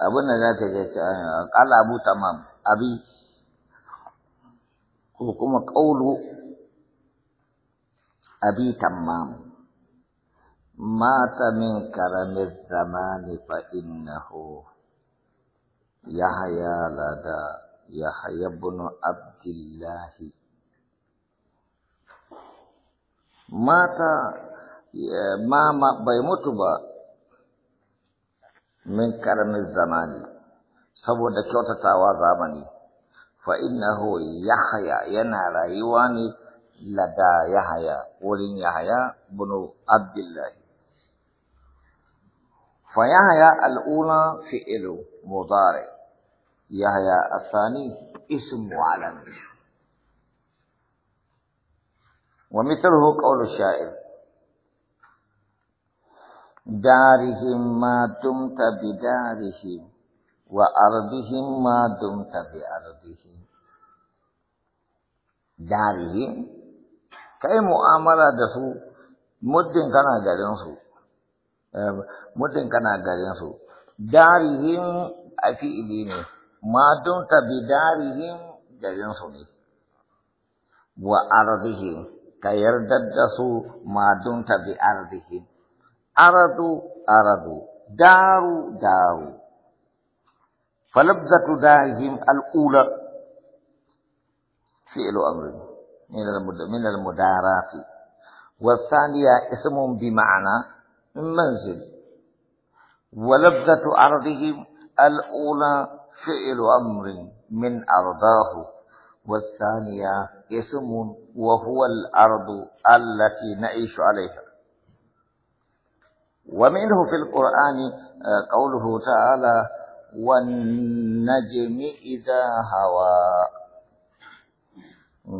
abin da za ka je kala abu tamam abi ko kuma ƙaulu abi tamam mata min karamin zamani fa innahu yahya lada yahya ibn abdullahi mata ma bai mutu ba من كرم الزمان سبو دكيوتا تاوى زامني فإنه يحيا ينا رايواني لدى يحيا ولين يحيا بنو عبد الله فيحيا الأولى في إلو مضارع يحيا الثاني اسم معلم ومثله قول الشاعر darihim ma dumta bidarihim wa ardihim ma dumta bi ardihim darihim kai mu'amala da su muddin kana garin su muddin kana garin su darihim a fi'ili ne ma dumta bi darihim garin su ne wa ardihim ka yarda da su ma dumta bi ardihim أردوا أردوا داروا داروا فلبذة دارهم الأولى فعل أمر من المدارات والثانية اسم بمعنى منزل ولبذة أرضهم الأولى فعل أمر من أرضاه والثانية اسم وهو الأرض التي نعيش عليها ومنه في القرآن آه، قوله تعالى والنجم إذا هوى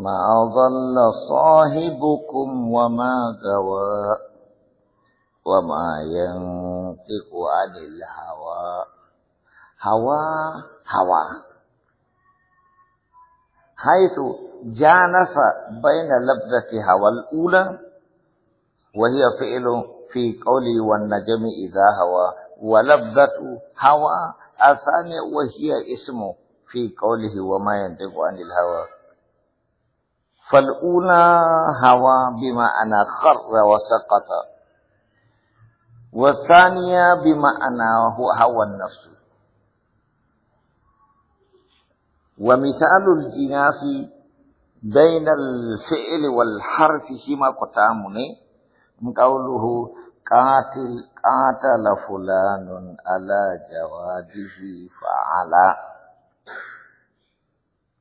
ما ضل صاحبكم وما غوى وما ينطق عن الهوى هوى هوى حيث جانف بين لفظة هوى الأولى وهي فعل في قولي والنجم إذا هوى ولفظة هوى الثانية وهي اسمه في قوله وما ينطق عن الهوى فالأولى هوى بما أنا خر وسقط والثانية بما أنا هو هوى النفس ومثال الجناس بين الفعل والحرف شما قتامني قوله قاتل قاتل فلان على جواده فعلا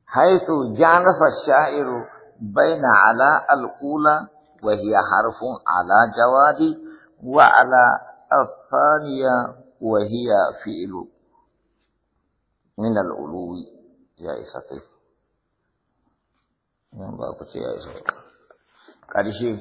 حيث جانس الشاعر بين على الأولى وهي حرف على جواد وعلى الثانية وهي فعل من العلو يا إسقي يا باكو يا